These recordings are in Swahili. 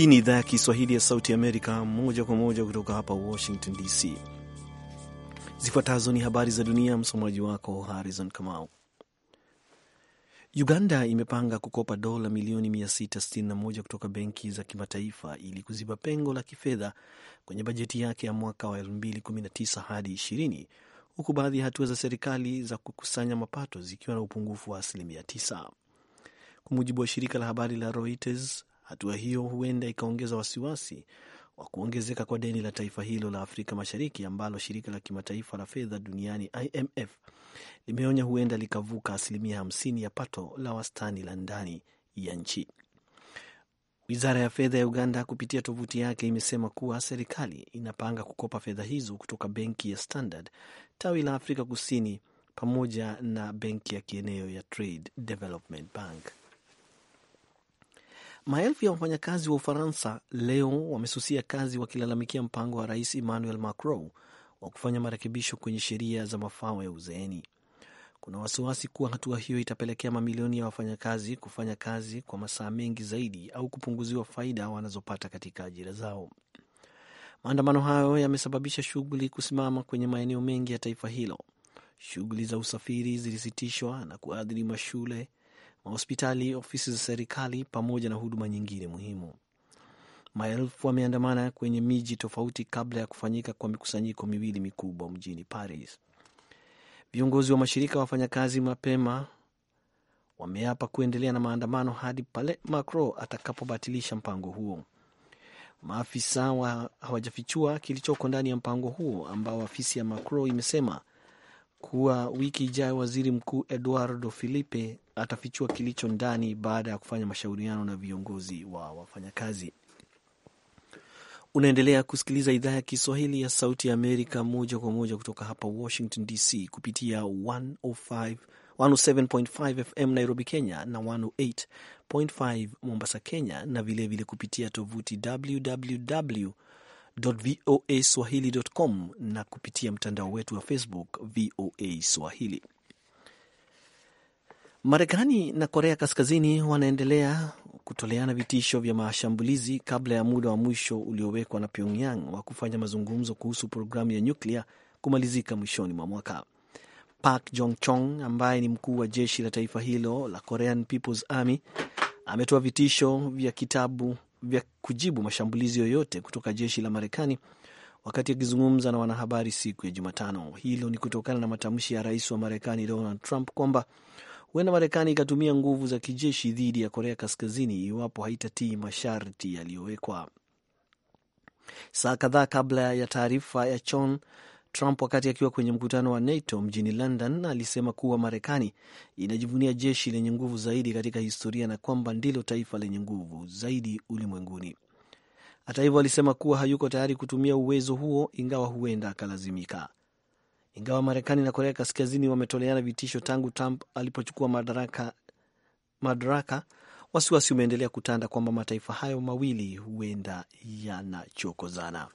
Hii ni idhaa ya Kiswahili ya Sauti Amerika, moja kwa moja kutoka hapa Washington DC. Zifuatazo ni habari za dunia, msomaji wako Harrison Kamau. Uganda imepanga kukopa dola milioni 661 kutoka benki za kimataifa ili kuziba pengo la kifedha kwenye bajeti yake ya mwaka wa 2019 hadi 20 huku baadhi ya hatua za serikali za kukusanya mapato zikiwa na upungufu wa asilimia 9. Kwa mujibu wa shirika la habari la Reuters, Hatua hiyo huenda ikaongeza wasiwasi wa kuongezeka kwa deni la taifa hilo la Afrika Mashariki ambalo shirika la kimataifa la fedha duniani IMF limeonya huenda likavuka asilimia hamsini ya pato la wastani la ndani ya nchi. Wizara ya fedha ya Uganda kupitia tovuti yake imesema kuwa serikali inapanga kukopa fedha hizo kutoka benki ya Standard tawi la Afrika Kusini pamoja na benki ya kieneo ya Trade Development Bank. Maelfu ya wafanyakazi wa Ufaransa leo wamesusia kazi wakilalamikia mpango wa rais Emmanuel Macron wa kufanya marekebisho kwenye sheria za mafao ya uzeeni. Kuna wasiwasi kuwa hatua hiyo itapelekea mamilioni ya wafanyakazi kufanya kazi kwa masaa mengi zaidi au kupunguziwa faida wanazopata katika ajira zao. Maandamano hayo yamesababisha shughuli kusimama kwenye maeneo mengi ya taifa hilo. Shughuli za usafiri zilisitishwa na kuathiri mashule, mahospitali, ofisi za serikali pamoja na huduma nyingine muhimu. Maelfu wameandamana kwenye miji tofauti kabla ya kufanyika kwa mikusanyiko miwili mikubwa mjini Paris. Viongozi wa mashirika ya wafanyakazi mapema wameapa kuendelea na maandamano hadi pale Macron atakapobatilisha mpango huo. Maafisa wa hawajafichua kilichoko ndani ya mpango huo ambao afisi ya Macron imesema kuwa wiki ijayo waziri mkuu Eduardo Filipe atafichua kilicho ndani baada ya kufanya mashauriano na viongozi wa wafanyakazi. Unaendelea kusikiliza idhaa ya Kiswahili ya Sauti ya Amerika moja kwa moja kutoka hapa Washington DC kupitia 105 107.5 FM Nairobi, Kenya na 108.5 Mombasa, Kenya na vilevile vile kupitia tovuti www voa swahili.com na kupitia mtandao wetu wa Facebook VOA Swahili. Marekani na Korea Kaskazini wanaendelea kutoleana vitisho vya mashambulizi kabla ya muda wa mwisho uliowekwa na Pyongyang wa kufanya mazungumzo kuhusu programu ya nyuklia kumalizika mwishoni mwa mwaka. Park Jong Chong ambaye ni mkuu wa jeshi la taifa hilo la Korean People's Army ametoa vitisho vya kitabu vya kujibu mashambulizi yoyote kutoka jeshi la Marekani wakati akizungumza na wanahabari siku ya Jumatano. Hilo ni kutokana na matamshi ya rais wa Marekani Donald Trump kwamba huenda Marekani ikatumia nguvu za kijeshi dhidi ya Korea Kaskazini iwapo haitatii masharti yaliyowekwa. Saa kadhaa kabla ya taarifa ya Chon, Trump wakati akiwa kwenye mkutano wa NATO mjini London alisema kuwa Marekani inajivunia jeshi lenye nguvu zaidi katika historia na kwamba ndilo taifa lenye nguvu zaidi ulimwenguni. Hata hivyo, alisema kuwa hayuko tayari kutumia uwezo huo, ingawa huenda akalazimika ingawa Marekani na Korea Kaskazini wametoleana vitisho tangu Trump alipochukua madaraka, madaraka wasiwasi umeendelea kutanda kwamba mataifa hayo mawili huenda yanachokozana.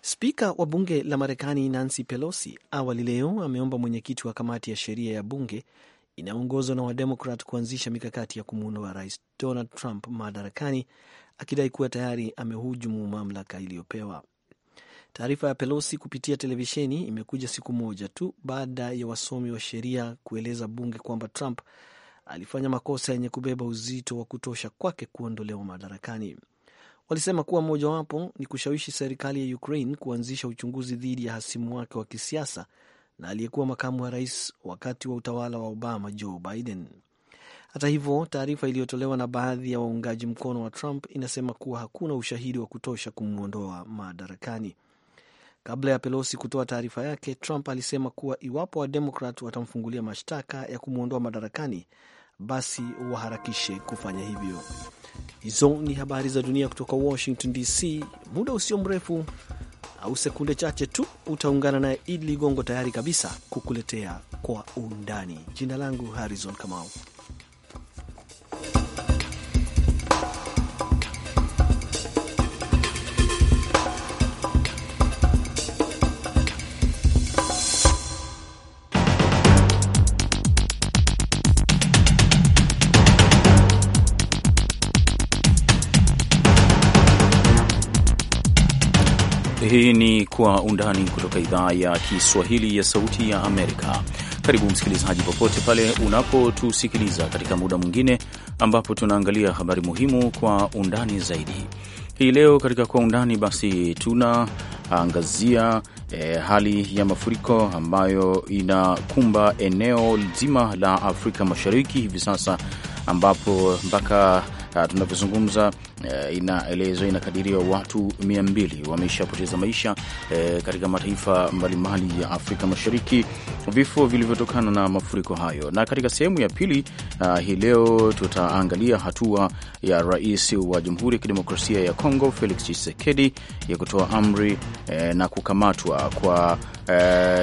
Spika wa bunge la Marekani Nancy Pelosi awali leo ameomba mwenyekiti wa kamati ya sheria ya bunge inayoongozwa na Wademokrat kuanzisha mikakati ya kumwondoa Rais Donald Trump madarakani, akidai kuwa tayari amehujumu mamlaka iliyopewa. Taarifa ya Pelosi kupitia televisheni imekuja siku moja tu baada ya wasomi wa sheria kueleza bunge kwamba Trump alifanya makosa yenye kubeba uzito wa kutosha kwake kuondolewa madarakani. Walisema kuwa mojawapo ni kushawishi serikali ya Ukraine kuanzisha uchunguzi dhidi ya hasimu wake wa kisiasa na aliyekuwa makamu wa rais wakati wa utawala wa Obama, Joe Biden. Hata hivyo, taarifa iliyotolewa na baadhi ya waungaji mkono wa Trump inasema kuwa hakuna ushahidi wa kutosha kumwondoa madarakani. Kabla ya Pelosi kutoa taarifa yake, Trump alisema kuwa iwapo Wademokrat watamfungulia mashtaka ya kumwondoa madarakani, basi waharakishe kufanya hivyo. Hizo ni habari za dunia kutoka Washington DC. Muda usio mrefu au sekunde chache tu utaungana naye Idi Ligongo, tayari kabisa kukuletea kwa undani. Jina langu Harrison Kamau. Hii ni Kwa Undani kutoka idhaa ya Kiswahili ya Sauti ya Amerika. Karibu msikilizaji, popote pale unapotusikiliza katika muda mwingine ambapo tunaangalia habari muhimu kwa undani zaidi. Hii leo katika Kwa Undani basi tunaangazia E, hali ya mafuriko ambayo inakumba eneo zima la Afrika Mashariki hivi sasa ambapo mpaka ah, tunavyozungumza eh, inaelezwa inakadiriwa watu 200 wameshapoteza maisha eh, katika mataifa mbalimbali ya Afrika Mashariki, vifo vilivyotokana na mafuriko hayo. Na katika sehemu ya pili ah, hii leo tutaangalia hatua ya rais wa Jamhuri ya Kidemokrasia ya Kongo Felix Tshisekedi ya kutoa amri eh, na kukamatwa kwa e,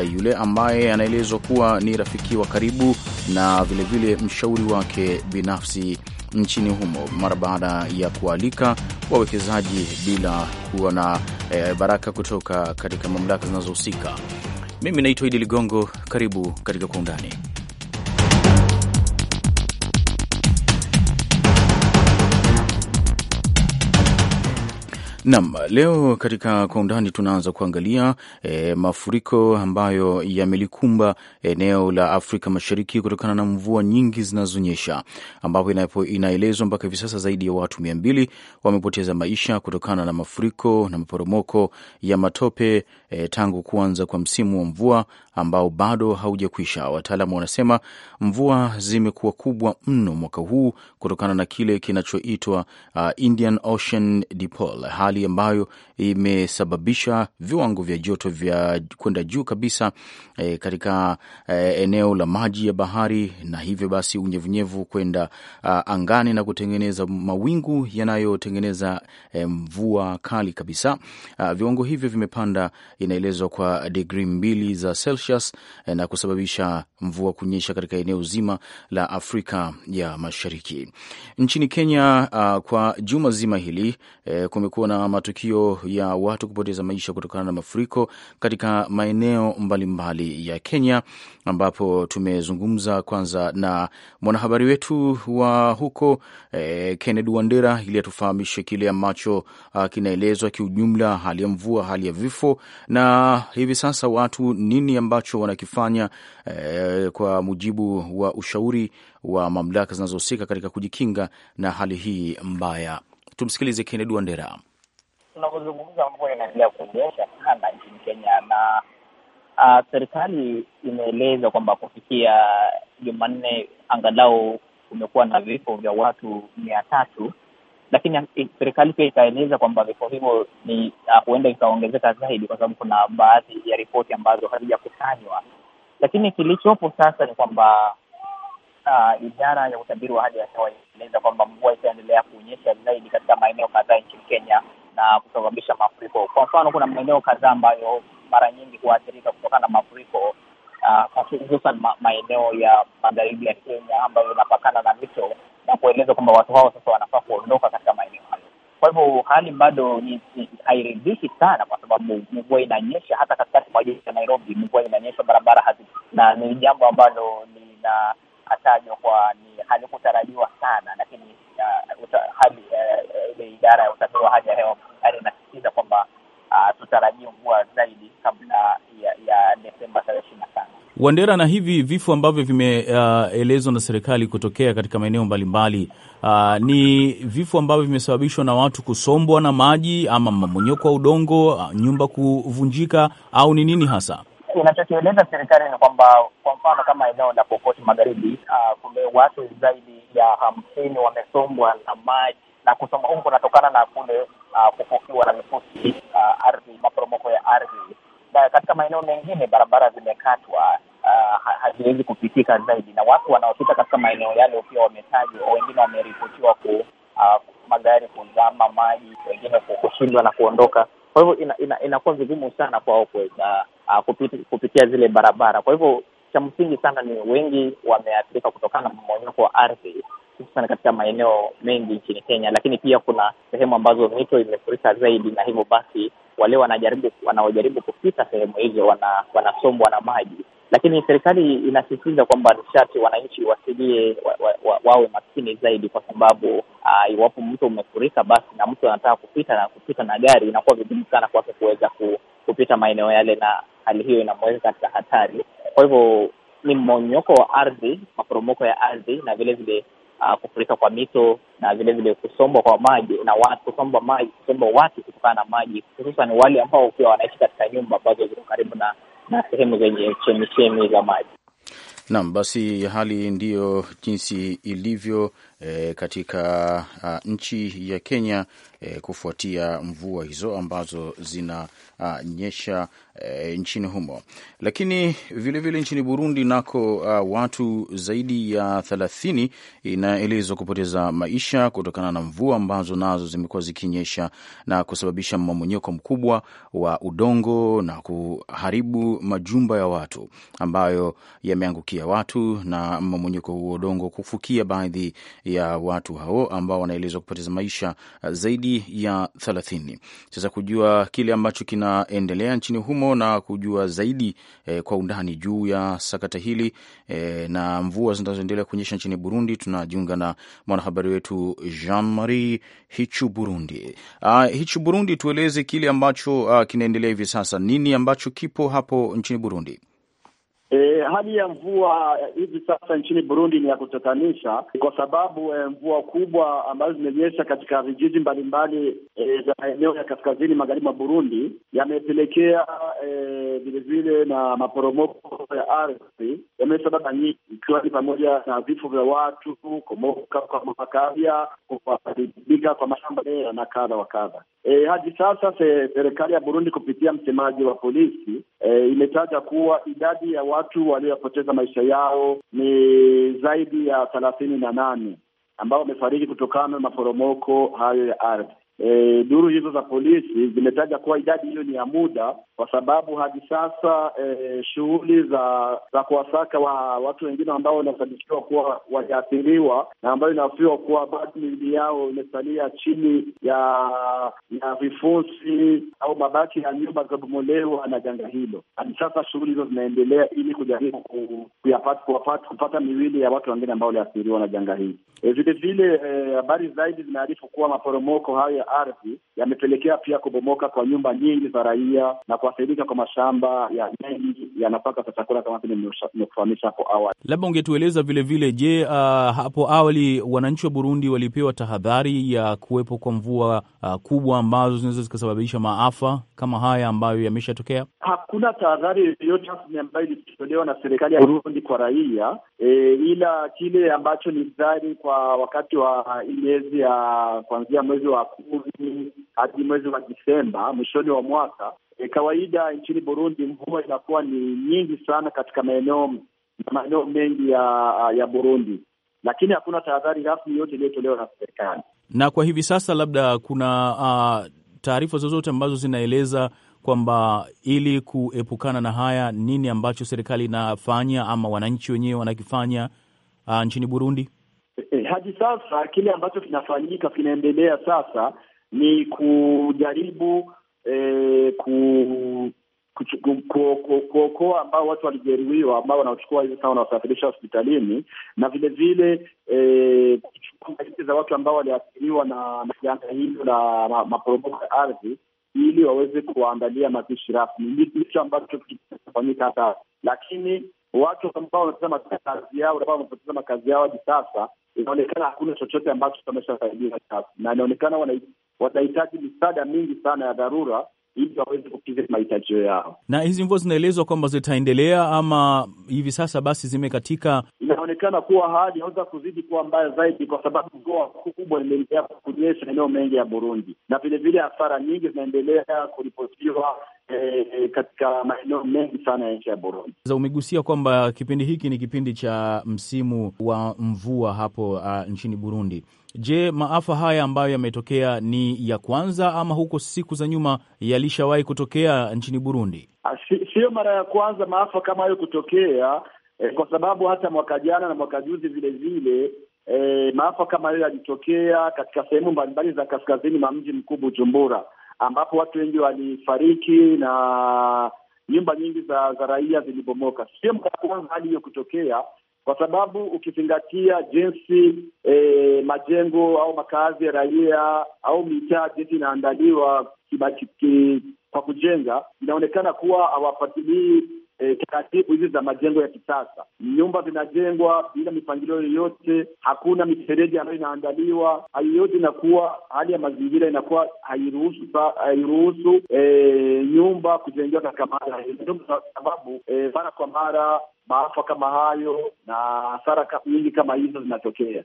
yule ambaye anaelezwa kuwa ni rafiki wa karibu na vilevile vile mshauri wake binafsi nchini humo mara baada ya kualika wawekezaji bila kuwa na e, baraka kutoka katika mamlaka zinazohusika. Mimi naitwa Idi Ligongo, karibu katika Kwa Undani. Nam, leo katika kwa undani tunaanza kuangalia e, mafuriko ambayo yamelikumba eneo la Afrika Mashariki kutokana na mvua nyingi zinazonyesha, ambapo inaelezwa mpaka hivi sasa zaidi ya watu mia mbili wamepoteza maisha kutokana na mafuriko na maporomoko ya matope e, tangu kuanza kwa msimu wa mvua ambao bado haujakwisha. Wataalamu wanasema mvua zimekuwa kubwa mno mwaka huu kutokana na kile kinachoitwa uh, Indian Ocean Dipole. Hali hali ambayo imesababisha viwango vya joto vya kwenda juu kabisa e, katika e, eneo la maji ya bahari, na hivyo basi unyevunyevu kwenda ah, angani na kutengeneza mawingu yanayotengeneza e, mvua kali kabisa. A, ah, viwango hivyo vimepanda, inaelezwa kwa digrii mbili za Celsius, e, na kusababisha mvua kunyesha katika eneo zima la Afrika ya Mashariki. Nchini Kenya, a, ah, kwa juma zima hili e, kumekuwa na matukio ya watu kupoteza maisha kutokana na mafuriko katika maeneo mbalimbali ya Kenya, ambapo tumezungumza kwanza na mwanahabari wetu wa huko eh, Kennedy Wandera ili atufahamishe kile ambacho ah, kinaelezwa kiujumla, hali ya mvua, hali ya vifo na hivi sasa watu nini ambacho wanakifanya eh, kwa mujibu wa ushauri wa mamlaka zinazohusika katika kujikinga na hali hii mbaya. Tumsikilize Kennedy Wandera tunavyozungumza mvua inaendelea kuonyesha sana nchini Kenya na uh, serikali imeeleza kwamba kufikia Jumanne angalau kumekuwa na vifo vya watu mia tatu, lakini serikali pia ikaeleza kwamba vifo hivyo ni uh, huenda ikaongezeka zaidi, kwa sababu kuna baadhi ya ripoti ambazo hazijakusanywa. Lakini kilichopo sasa ni kwamba uh, idara ya utabiri wa hali ya hewa inaeleza kwamba mvua itaendelea kuonyesha zaidi katika maeneo kadhaa nchini Kenya na kusababisha mafuriko. Kwa mfano, kuna maeneo kadhaa ambayo mara nyingi huathirika kutokana na mafuriko hususan uh, ma maeneo ya magharibi ya Kenya ambayo inapakana na mito na kueleza kwamba watu hao sasa wanafaa kuondoka katika maeneo hayo. Kwa hivyo hali bado hairidhishi sana, kwa sababu mvua inanyesha hata katikati mwa jiji la Nairobi, mvua inanyesha, barabara hazi, na ni jambo ambalo linatajwa kwa ni halikutarajiwa sana, lakini uh, uta, hali uh, ile idara ya utabiri wa hali ya hewa serikali inasisitiza kwamba uh, ah, tutarajia mvua zaidi kabla ya, ya Desemba tarehe ishirini na tano. Wandera, na hivi vifo ambavyo vimeelezwa ah, uh, na serikali kutokea katika maeneo mbalimbali uh, ni vifo ambavyo vimesababishwa na watu kusombwa na maji ama mmomonyoko wa udongo, nyumba kuvunjika au ni nini hasa? Inachokieleza serikali ni kwamba kwa mfano kama eneo la Pokoti Magharibi, uh, kume watu zaidi ya hamsini wamesombwa na maji, na kusomba huku kunatokana na kule uh, kufukiwa na mifusi uh, ardhi, maporomoko ya ardhi, na katika maeneo mengine barabara zimekatwa, uh, haziwezi kupitika zaidi, na watu wanaopita katika maeneo yale pia wametajwa, wengine wameripotiwa ku uh, magari kuzama maji, wengine kushindwa na kuondoka. Kwa hivyo inakuwa ina, ina vigumu sana kwao kuweza uh, kupiti, kupitia zile barabara. Kwa hivyo cha msingi sana ni wengi wameathirika kutokana na mmonyoko wa ardhi sana katika maeneo mengi nchini Kenya, lakini pia kuna sehemu ambazo mito imefurika zaidi, na hivyo basi wale wanajaribu wanaojaribu kupita sehemu hizo wana, wanasombwa na maji. Lakini serikali inasisitiza kwamba nishati wananchi wasilie wawe wa, wa, wa makini zaidi, kwa sababu uh, iwapo mto umefurika basi na mtu anataka kupita na kupita na gari, inakuwa vigumu sana kwake kuweza ku, kupita maeneo yale, na hali hiyo inamweka katika hatari. Kwa hivyo ni mmonyoko wa ardhi, maporomoko ya ardhi na vilevile uh, kufurika kwa mito na vile vile kusombwa kwa maji na watu, kusombwa maji, kusombwa watu kutokana na maji, hususan wale ambao pia wanaishi katika nyumba ambazo ziko karibu na, na sehemu zenye chemichemi za maji. Naam, basi hali ndiyo jinsi ilivyo e, katika a, nchi ya Kenya e, kufuatia mvua hizo ambazo zinanyesha e, nchini humo. Lakini vilevile vile nchini Burundi nako a, watu zaidi ya thelathini inaelezwa kupoteza maisha kutokana na mvua ambazo nazo zimekuwa zikinyesha na kusababisha mmomonyoko mkubwa wa udongo na kuharibu majumba ya watu ambayo yameangukia watu na mmomonyoko huo udongo kufukia baadhi ya ya watu hao ambao wanaelezwa kupoteza maisha uh, zaidi ya thelathini. Sasa kujua kile ambacho kinaendelea nchini humo na kujua zaidi eh, kwa undani juu ya sakata hili eh, na mvua zinazoendelea kuonyesha nchini Burundi, tunajiunga na mwanahabari wetu Jean Marie Hichu Burundi. Ah, Hichu Burundi, tueleze kile ambacho ah, kinaendelea hivi sasa, nini ambacho kipo hapo nchini Burundi? E, hali ya mvua eh, hivi sasa nchini Burundi ni ya kutatanisha kwa sababu e, mvua kubwa ambazo zimenyesha katika vijiji mbalimbali eh, za e, eneo ya kaskazini magharibi mwa Burundi yamepelekea vilevile e, na maporomoko ya ardhi yamesababa nyingi, ikiwa ni pamoja na vifo vya watu, kumoka kwa makabya, kuharibika kwa mashamba na kadha wa kadha. E, hadi sasa serikali ya Burundi kupitia msemaji wa polisi e, imetaja kuwa idadi ya watu waliopoteza maisha yao ni zaidi ya thelathini na nane ambao wamefariki kutokana na maporomoko hayo ya ardhi. E, duru hizo za polisi zimetaja kuwa idadi hiyo ni ya muda, kwa sababu hadi sasa e, shughuli za za kuwasaka wa watu wengine ambao wanasadikiwa kuwa wajaathiriwa na ambayo inafiwa kuwa bado miili yao imesalia chini ya ya vifusi au mabaki ya nyumba zilizobomolewa na janga hilo, hadi sasa shughuli hizo zinaendelea ili kujaribu kupata miili ya watu wengine ambao waliathiriwa na janga hili. Vilevile e, habari e, zaidi zinaarifu kuwa maporomoko hayo ardhi yamepelekea pia kubomoka kwa nyumba nyingi za raia na kuathirika kwa mashamba ya mengi ya nafaka za chakula kama vile nimekufahamisha hapo awali. Labda ungetueleza vilevile, je, uh, hapo awali wananchi wa Burundi walipewa tahadhari ya kuwepo kwa mvua uh, kubwa ambazo zinaweza zikasababisha maafa kama haya ambayo yameshatokea? Hakuna tahadhari yoyote rasmi ambayo ilitolewa na serikali ya Burundi kwa raia e, ila kile ambacho ni dhari kwa wakati wa miezi ya kuanzia mwezi wa kumi Aprili hadi mwezi wa Disemba, mwishoni wa mwaka. E, kawaida nchini Burundi mvua inakuwa ni nyingi sana katika maeneo maeneo mengi ya ya Burundi, lakini hakuna tahadhari rasmi yote iliyotolewa na serikali. Na kwa hivi sasa, labda kuna uh, taarifa zozote ambazo zinaeleza kwamba ili kuepukana na haya, nini ambacho serikali inafanya ama wananchi wenyewe wanakifanya uh, nchini Burundi? hadi sasa kile ambacho kinafanyika kinaendelea sasa ni kujaribu eh, ku kuokoa ambao watu walijeruhiwa ambao wanaochukua hivi sasa wanawasafirisha hospitalini na vile eh, kuchukua maiti za watu ambao waliathiriwa na janga hilo la maporomoko ya ardhi ili waweze kuwaandalia mazishi rasmi. Ndicho ambacho kinafanyika hata, lakini watu ambao wamepoteza makazi yao, ambao wamepoteza makazi yao hadi sasa, inaonekana hakuna chochote ambacho wameshasaidiwa sasa, na inaonekana wanahitaji misaada mingi sana ya dharura ili waweze kukidhi mahitaji yao. Na hizi mvua zinaelezwa kwamba zitaendelea ama hivi sasa basi zimekatika. Inaonekana kuwa hali inaweza kuzidi kuwa mbaya zaidi, kwa sababu mvua kubwa imeendelea kunyesha eneo mengi ya Burundi, na vilevile hasara nyingi zinaendelea kuripotiwa E, e, katika maeneo mengi sana ya nchi ya Burundi. Sasa umegusia kwamba kipindi hiki ni kipindi cha msimu wa mvua hapo a, uh, nchini Burundi. Je, maafa haya ambayo yametokea ni ya kwanza ama huko siku za nyuma yalishawahi kutokea nchini Burundi? Ah, siyo mara ya kwanza maafa kama hayo kutokea, eh, kwa sababu hata mwaka jana na mwaka juzi vile vile eh, maafa kama hayo yalitokea katika sehemu mbalimbali za kaskazini mwa mji mkuu Bujumbura ambapo watu wengi walifariki na nyumba nyingi za, za raia zilibomoka. Sio mara ya kwanza hali hiyo kutokea, kwa sababu ukizingatia jinsi e, majengo au makazi ya raia au mitaa jinsi inaandaliwa kwa kujenga, inaonekana kuwa hawafuatilii e, taratibu hizi za majengo ya kisasa. Nyumba zinajengwa bila mipangilio yoyote, hakuna mifereji ambayo inaandaliwa. Hali yote inakuwa, hali ya mazingira inakuwa hairuhusu hairuhusu e, nyumba kujengewa katika mahala kwa sababu e, mara kwa mara maafa kama hayo na hasara nyingi kama hizo zinatokea.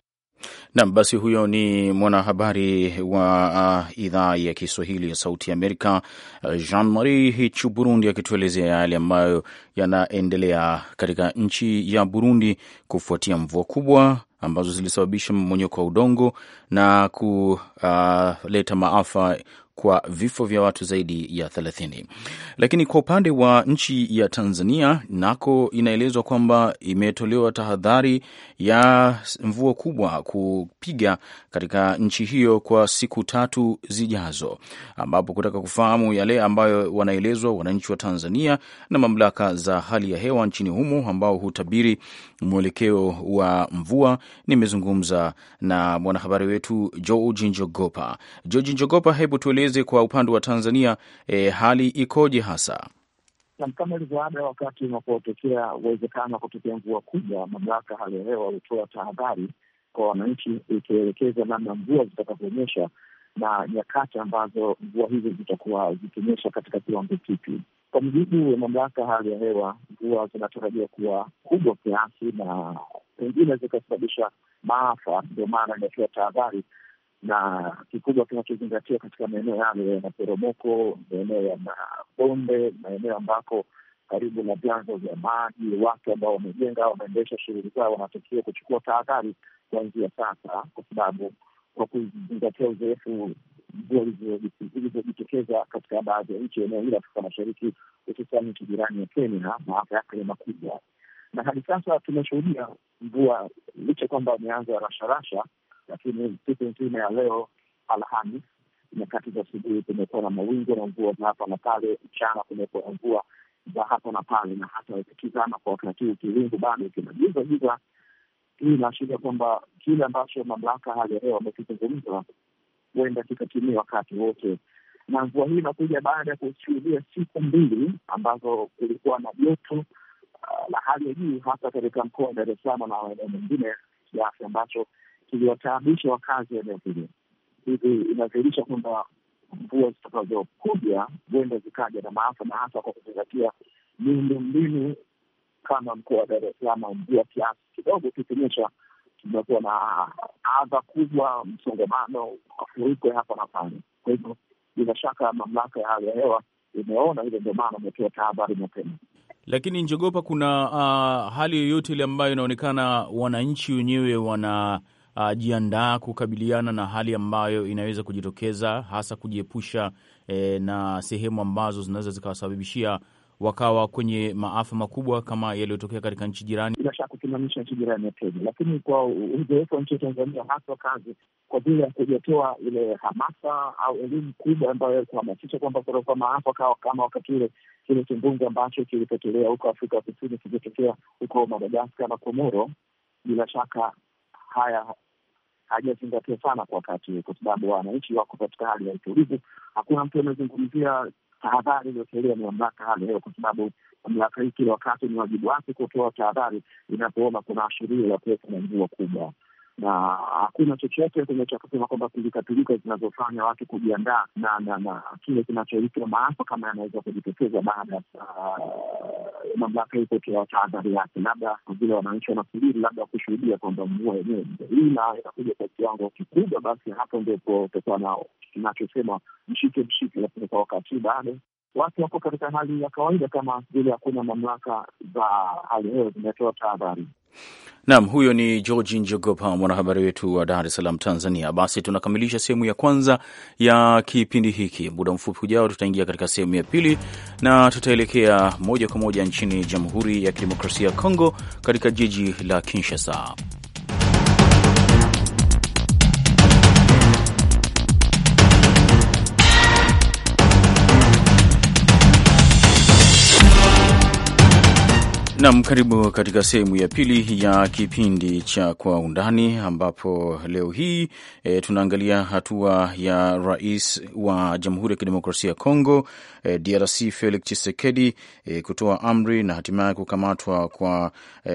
Nam, basi huyo ni mwanahabari wa uh, idhaa ya Kiswahili ya Sauti ya Amerika, uh, Jean Marie Hichu Burundi, akituelezea ya yale ambayo yanaendelea katika nchi ya Burundi kufuatia mvua kubwa ambazo zilisababisha mmonyoko wa udongo na kuleta uh, maafa kwa vifo vya watu zaidi ya 30. Lakini kwa upande wa nchi ya Tanzania nako inaelezwa kwamba imetolewa tahadhari ya mvua kubwa kupiga katika nchi hiyo kwa siku tatu zijazo, ambapo kutaka kufahamu yale ambayo wanaelezwa wananchi wa Tanzania na mamlaka za hali ya hewa nchini humo ambao hutabiri mwelekeo wa mvua, nimezungumza na mwanahabari wetu George Njogopa. George Njogopa, hebu tueleze tueleze kwa upande wa Tanzania e, hali ikoje hasa? Kama ilivyo ada, wakati unapotokea uwezekano wa kutokea mvua kubwa, mamlaka hali ya hewa hutoa tahadhari kwa wananchi, ikielekeza namna mvua zitakavyoonyesha na nyakati ambazo mvua hizo zitakuwa zikionyesha katika kiwango kipi. Kwa mujibu wa mamlaka hali ya hewa, mvua zinatarajia kuwa kubwa kiasi na pengine zikasababisha maafa. Ndio maana inatoa tahadhari na kikubwa kinachozingatia katika maeneo yale ya maporomoko, maeneo ya mabonde, maeneo ambako karibu na vyanzo vya maji, watu ambao wamejenga, wanaendesha shughuli zao, wanatakiwa kuchukua tahadhari kuanzia sasa, kwa sababu kwa kuzingatia uzoefu mvua zilizojitokeza katika baadhi ya nchi eneo hili Afrika Mashariki, hususan nchi jirani ya Kenya, maafa yake ni makubwa. Na hadi sasa tumeshuhudia mvua, licha kwamba wameanza rasharasha lakini siku nzima ya leo Alhamis, nyakati za asubuhi kumekuwa na mawingu na mvua za hapa na pale, mchana kumekuwa na mvua za hapa na pale, na hata ukitizama kwa wakati huu kiwingu bado kinagiza giza. Hii inaashiria kwamba kile ambacho mamlaka hali ya hewa wamekizungumza huenda kikatimia wakati wote, na mvua hii inakuja baada ya kushuhudia siku mbili ambazo kulikuwa na joto ah, la hali ya juu hasa katika mkoa wa Dar es Salaam na maeneo mengine kiasi ambacho tuliwataabisha wakazi wa eneo hili. Hivi inadhihirisha kwamba mvua zitakazokuja huenda zikaja na maafa, na hasa kwa kuzingatia mbinu kama mkoa wa Dar es Salaam, mvua kiasi kidogo kikionyesha tumekuwa na adha kubwa, msongamano, mafuriko hapa na pale. Kwa hivyo bila shaka mamlaka ya hali ya hewa imeona hilo, ndio maana ametoa tahadhari mapema. Lakini njogopa, kuna uh, hali yoyote ile ambayo inaonekana wananchi wenyewe wana uh, jiandaa kukabiliana na hali ambayo inaweza kujitokeza, hasa kujiepusha eh, na sehemu ambazo zinaweza zikawasababishia wakawa kwenye maafa makubwa kama yaliyotokea katika nchi jirani, bila shaka kusimamisha nchi jirani ya Kenya. Lakini kwa uzoefu wa nchi ya Tanzania, haswa kazi kwa vile ya kujatoa ile hamasa au elimu kubwa ambayo yalikuhamasisha kwamba kutakuwa maafa kawa kama wakati ule kile kimbunga ambacho kilipotelea huko Afrika Kusini, kiliotokea huko Madagaskar na Komoro, bila shaka haya hajazingatia sana kwa wakati huu, kwa sababu wananchi wako katika hali ya utulivu. Hakuna mtu amezungumzia tahadhari iliyotolewa ni mamlaka hali leo, kwa sababu mamlaka hii kila wakati ni wajibu wake kutoa tahadhari inapoona kuna ashiria ya kuwepo na mvua kubwa na hakuna chochote kwenye cha kusema kwamba pilikapilika zinazofanya watu kujiandaa na na na kile kinachoitwa maafa kama yanaweza kujitokeza baada ya uh, mamlaka hii kutoa tahadhari yake, labda vile wananchi wanasubiri labda kushuhudia kwamba mvua yenyewe na inakuja kwa kiwango kikubwa, basi hapo ndipo utakuwa na kinachosema mshike mshike, lakini kwa wakati bado watu wako katika hali ya kawaida, kama vile hakuna mamlaka za hali hiyo zimetoa tahadhari. Naam, huyo ni George Njogopa, mwanahabari wetu wa Dar es Salaam, Tanzania. Basi tunakamilisha sehemu ya kwanza ya kipindi hiki. Muda mfupi ujao, tutaingia katika sehemu ya pili na tutaelekea moja kwa moja nchini Jamhuri ya Kidemokrasia ya Kongo, katika jiji la Kinshasa. Nam, karibu katika sehemu ya pili ya kipindi cha Kwa Undani, ambapo leo hii e, tunaangalia hatua ya rais wa Jamhuri ya Kidemokrasia ya Kongo e, eh, DRC Felix Tshisekedi e, kutoa amri na hatimaye kukamatwa kwa e,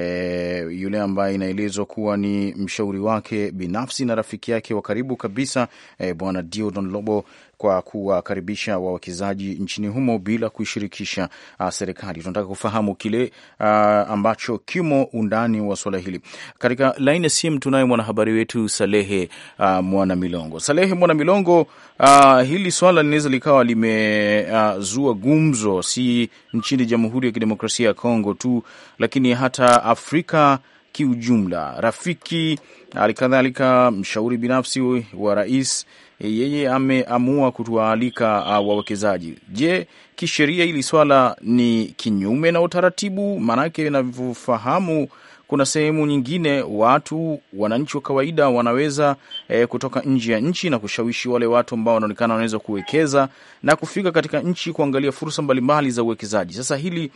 yule ambaye inaelezwa kuwa ni mshauri wake binafsi na rafiki yake wa karibu kabisa e, Bwana Diodon Lobo kwa kuwakaribisha wawekezaji nchini humo bila kuishirikisha uh, serikali. Tunataka kufahamu kile uh, ambacho kimo undani wa suala hili. Katika laini ya simu tunaye mwanahabari wetu Salehe uh, ah, Mwana Milongo. Salehe Mwana Milongo, uh, hili swala linaweza likawa limezua uh, gumzo si nchini Jamhuri ya Kidemokrasia ya Kongo tu, lakini hata Afrika kiujumla. Rafiki halikadhalika mshauri binafsi wa rais Eh, yeye ameamua kutuwaalika ah, wawekezaji. Je, kisheria hili swala ni kinyume na utaratibu? Maanake inavyofahamu kuna sehemu nyingine watu wananchi wa kawaida wanaweza e, kutoka nje ya nchi na kushawishi wale watu ambao wanaonekana wanaweza kuwekeza na kufika katika nchi kuangalia fursa mbalimbali za uwekezaji. Sasa hili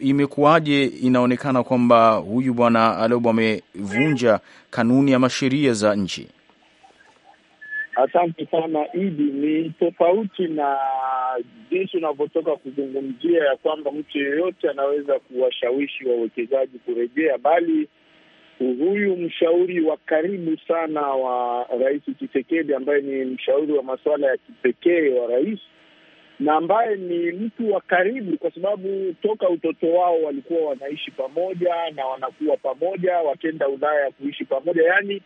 imekuwaje? Inaonekana kwamba huyu bwana Alobo amevunja kanuni ama sheria za nchi. Asante sana Idi. Ni tofauti na jinsi unavyotoka kuzungumzia ya kwamba mtu yeyote anaweza kuwashawishi wawekezaji kurejea, bali huyu mshauri wa karibu sana wa Rais chisekedi ambaye ni mshauri wa masuala ya kipekee wa rais na ambaye ni mtu wa karibu, kwa sababu toka utoto wao walikuwa wanaishi pamoja na wanakuwa pamoja, wakenda Ulaya kuishi pamoja, yaani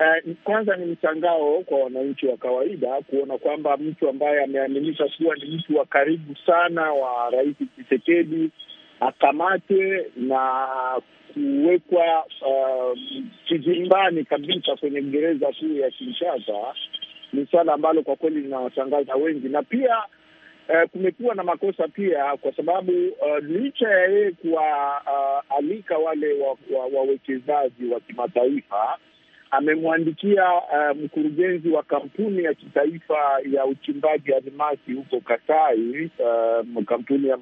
Uh, kwanza ni mshangao kwa wananchi wa kawaida kuona kwamba mtu ambaye ameaminika kuwa ni mtu wa karibu sana wa Rais chisekedi akamatwe na kuwekwa eh, kizimbani uh, kabisa kwenye gereza kuu ya Kinshasa ni swala ambalo kwa kweli linawashangaza wengi, na pia uh, kumekuwa na makosa pia, kwa sababu uh, licha ya yeye kuwaalika uh, wale wawekezaji wa, wa, wa kimataifa amemwandikia uh, mkurugenzi wa kampuni ya kitaifa ya uchimbaji almasi huko Kasai, uh, kampuni ya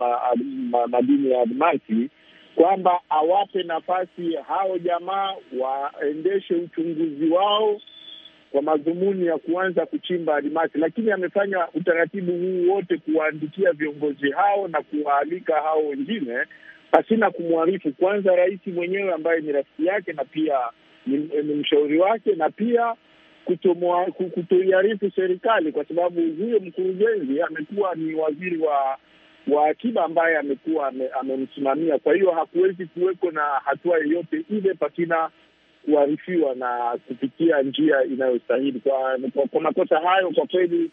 madini ma, ya almasi kwamba awape nafasi hao jamaa waendeshe uchunguzi wao kwa madhumuni ya kuanza kuchimba almasi, lakini amefanya utaratibu huu wote kuwaandikia viongozi hao na kuwaalika hao wengine pasina kumwarifu kwanza rais mwenyewe ambaye ni rafiki yake na pia ni, ni mshauri wake na pia kutoiarifu serikali, kwa sababu huyo mkurugenzi amekuwa ni waziri wa wa akiba ambaye amekuwa amemsimamia. Kwa hiyo hakuwezi kuweko na hatua yoyote ile pakina kuarifiwa na kupitia njia inayostahili. Kwa, kwa, kwa makosa hayo kwa kweli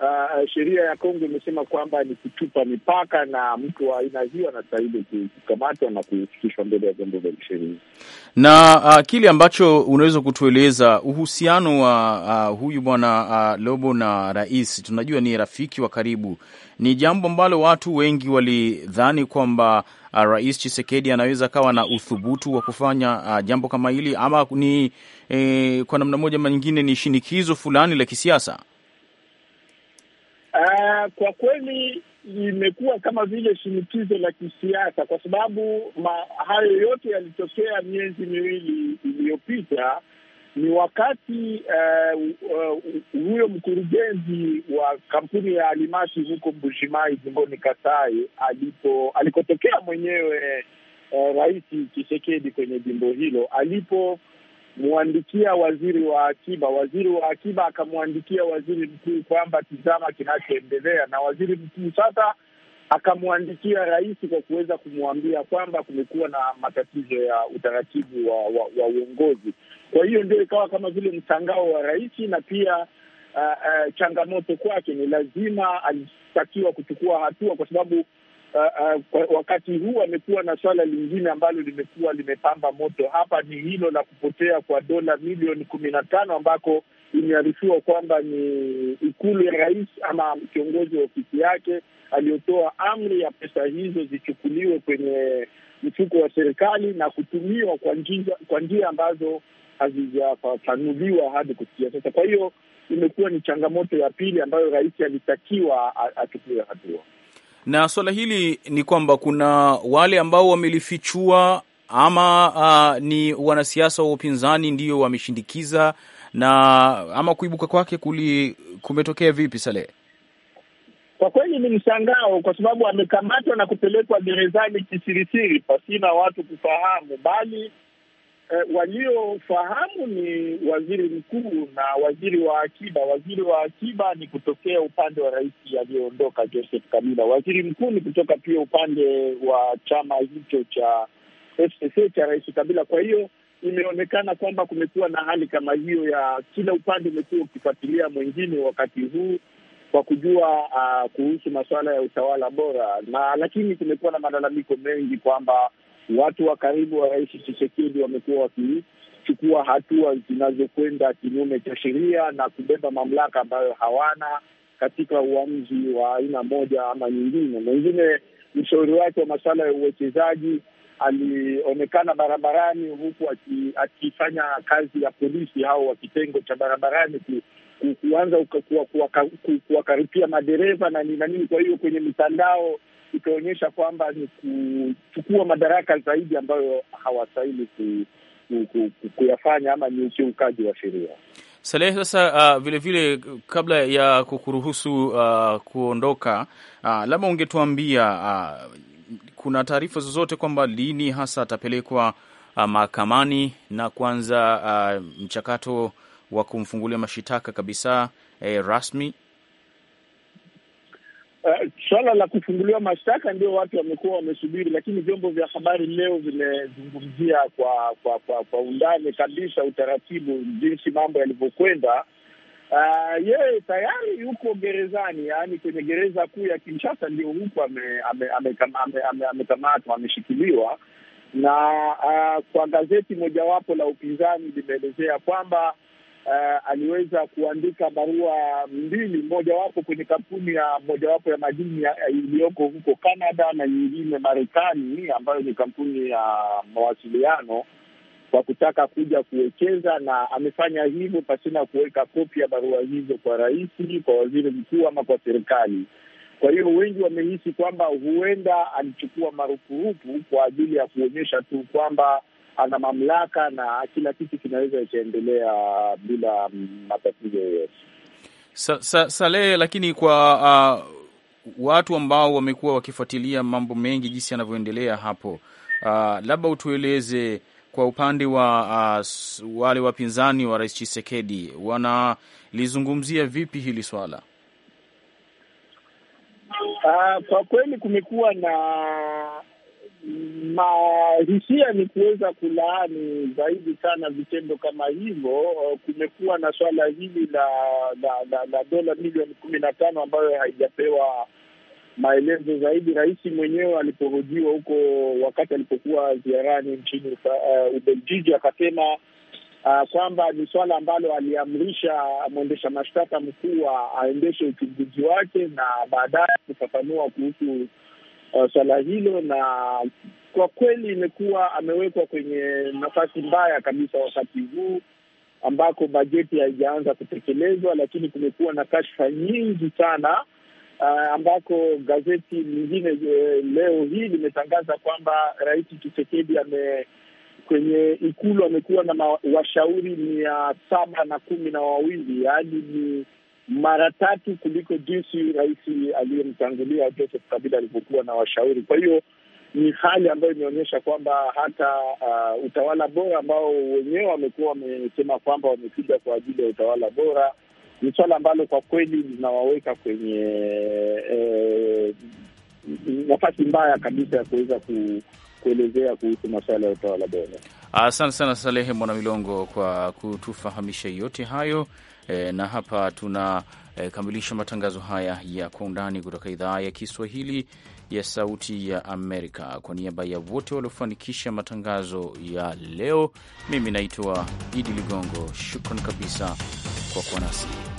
uh, sheria ya Kongo imesema kwamba ni kutupa mipaka na mtu wa aina hiyo anastahili kukamatwa na kufikishwa mbele ya vyombo vya kisheria. Na uh, kile ambacho unaweza kutueleza uhusiano wa uh, uh, huyu bwana uh, Lobo na rais, tunajua ni rafiki wa karibu, ni jambo ambalo watu wengi walidhani kwamba uh, Rais Chisekedi anaweza akawa na uthubutu wa kufanya uh, jambo kama hili, ama ni eh, kwa namna moja ama nyingine ni shinikizo fulani la kisiasa. Uh, kwa kweli imekuwa kama vile shinikizo la kisiasa kwa sababu hayo yote yalitokea miezi miwili iliyopita. Ni wakati huyo eh, uh, huyo mkurugenzi wa kampuni ya alimasi huko Mbushimai jimboni Kasai alipo alikotokea mwenyewe uh, Rais chisekedi kwenye jimbo hilo alipo kumwandikia waziri wa akiba. Waziri wa akiba akamwandikia waziri mkuu kwamba tizama kinachoendelea, na waziri mkuu sasa akamwandikia rais kwa kuweza kumwambia kwamba kumekuwa na matatizo ya utaratibu wa, wa, wa uongozi. Kwa hiyo ndio ikawa kama vile mtangao wa rais na pia Uh, uh, changamoto kwake ni lazima alitakiwa kuchukua hatua kwa sababu uh, uh, wakati huu amekuwa na swala lingine ambalo limekuwa limepamba moto hapa, ni hilo la kupotea kwa dola milioni kumi na tano ambako imearifiwa kwamba ni ikulu ya rais ama kiongozi wa ofisi yake aliyotoa amri ya pesa hizo zichukuliwe kwenye mfuko wa serikali na kutumiwa kwa njia ambazo hazijafafanuliwa hadi kufikia sasa. Kwa hiyo imekuwa ni changamoto ya pili ambayo rais alitakiwa achukue hatua na swala hili ni kwamba kuna wale ambao wamelifichua ama uh, ni wanasiasa wa upinzani ndio wameshindikiza na ama kuibuka kwake kuli kumetokea vipi salehe Kwa kweli ni mshangao, kwa sababu amekamatwa na kupelekwa gerezani kisirisiri pasina watu kufahamu, bali eh, waliofahamu ni waziri mkuu na waziri wa akiba. Waziri wa akiba ni kutokea upande wa rais aliyoondoka Joseph Kabila. Waziri mkuu ni kutoka pia upande wa chama hicho cha FCC cha rais Kabila. Kwa hiyo imeonekana kwamba kumekuwa na hali kama hiyo ya kila upande umekuwa ukifuatilia mwingine wakati huu kwa kujua uh, kuhusu masuala ya utawala bora na, lakini kumekuwa na malalamiko mengi kwamba Watu wa karibu wa Rais chisekedi wamekuwa wakichukua hatua zinazokwenda kinyume cha sheria na kubeba mamlaka ambayo hawana katika uamuzi wa aina moja ama nyingine. Mwingine mshauri wake wa masuala ya uwekezaji alionekana barabarani huku akifanya kazi ya polisi au wa kitengo cha barabarani ku, ku, kuanza kuwakaripia kuwa, kuwa, kuwa madereva na nini na nini. Kwa hiyo kwenye mitandao ikaonyesha kwamba ni kuchukua madaraka zaidi ambayo hawastahili kuyafanya ama ni ukiukaji wa sheria. Salehe, sasa uh, vilevile kabla ya kukuruhusu uh, kuondoka uh, labda ungetuambia uh, kuna taarifa zozote kwamba lini hasa atapelekwa uh, mahakamani na kuanza uh, mchakato wa kumfungulia mashitaka kabisa eh, rasmi? Uh, eh, suala la kufunguliwa mashtaka ndio watu wamekuwa wamesubiri, lakini vyombo vya habari leo vimezungumzia kwa kwa, kwa kwa undani kabisa utaratibu, jinsi mambo yalivyokwenda. Uh, yeye tayari yuko gerezani, yaani kwenye gereza kuu ya Kinshasa ndio huku amekamatwa, ameshikiliwa na uh, kwa gazeti mojawapo la upinzani limeelezea kwamba uh, aliweza kuandika barua mbili, mojawapo kwenye kampuni ya mojawapo ya madini iliyoko huko Canada na nyingine Marekani, ambayo ni kampuni ya mawasiliano kwa kutaka kuja kuwekeza, na amefanya hivyo pasina kuweka kopi ya barua hizo kwa rais, kwa waziri mkuu ama kwa serikali. Kwa hiyo wengi wamehisi kwamba huenda alichukua marupurupu kwa ajili ya kuonyesha tu kwamba ana mamlaka na kila kitu kinaweza ikaendelea bila mm, matatizo yoyote. Sa, sa, Salehe, lakini kwa uh, watu ambao wamekuwa wakifuatilia mambo mengi jinsi yanavyoendelea hapo, uh, labda utueleze kwa upande wa uh, wale wapinzani wa Rais Chisekedi wanalizungumzia vipi hili swala? Uh, kwa kweli kumekuwa na mahisia ni kuweza kulaani zaidi sana vitendo kama hivyo. Kumekuwa na swala hili la la, la, la dola milioni kumi na tano ambayo haijapewa maelezo zaidi. Rais mwenyewe alipohojiwa huko wakati alipokuwa ziarani nchini uh, Ubeljiji akasema uh, kwamba ni swala ambalo aliamrisha mwendesha mashtaka mkuu aendeshe uchunguzi wake na baadaye kufafanua kuhusu uh, swala hilo, na kwa kweli imekuwa amewekwa kwenye nafasi mbaya kabisa wakati huu ambako bajeti haijaanza kutekelezwa, lakini kumekuwa na kashfa nyingi sana uh, ambako gazeti lingine eh, leo hii limetangaza kwamba Rais Tshisekedi ame kwenye ikulu amekuwa na washauri mia saba na kumi na wawili yaani ni mara tatu kuliko jinsi rais aliyemtangulia Joseph Kabila alivyokuwa na washauri. Kwa hiyo ni hali ambayo imeonyesha kwamba hata uh, utawala bora ambao wenyewe wamekuwa wamesema kwamba wamekuja kwa ajili ya utawala bora ni swala ambalo kwa kweli linawaweka kwenye eh, nafasi mbaya kabisa ya kuweza ku kuelezea kuhusu masuala ya utawala bora. Asante sana Salehe Mwanamilongo kwa kutufahamisha yote hayo e, na hapa tunakamilisha e, matangazo haya ya kwa undani kutoka idhaa ya Kiswahili ya Sauti ya Amerika. Kwa niaba ya wote waliofanikisha matangazo ya leo, mimi naitwa Idi Ligongo. Shukran kabisa kwa kuwa nasi.